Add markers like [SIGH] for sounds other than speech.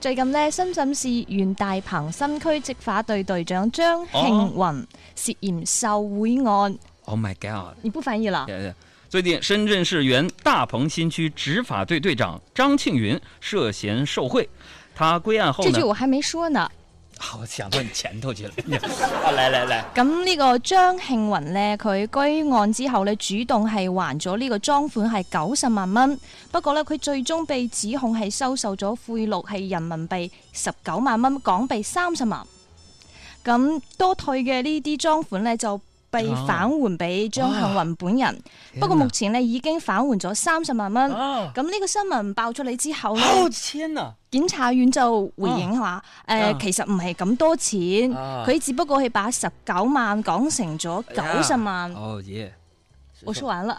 最近呢，深圳市原大鵬新區執法隊隊長張慶雲涉嫌受賄案。Oh, oh my god！你不翻譯了？最近深圳市原大鵬新區執法隊隊長張慶雲涉嫌受賄，他歸案後呢？這句我還沒說呢。我想到你前頭去了、 [LAUGHS] 啊，來來來。咁呢個張慶雲呢，佢歸案之後呢，主動係還咗呢個贓款係九十萬蚊。不過呢，佢最終被指控係收受咗賄賂係人民幣十九萬蚊，港幣三十萬。咁多退嘅呢啲贓款呢，就，被返還俾張向雲本人，不過目前咧已經返還咗三十萬蚊。咁、啊、呢個新聞爆出嚟之後呢，哦天啊！檢察院就回應話：誒、啊呃嗯，其實唔係咁多錢，佢、啊、只不過係把十九萬講成咗九十萬。啊哦、耶說我講完了。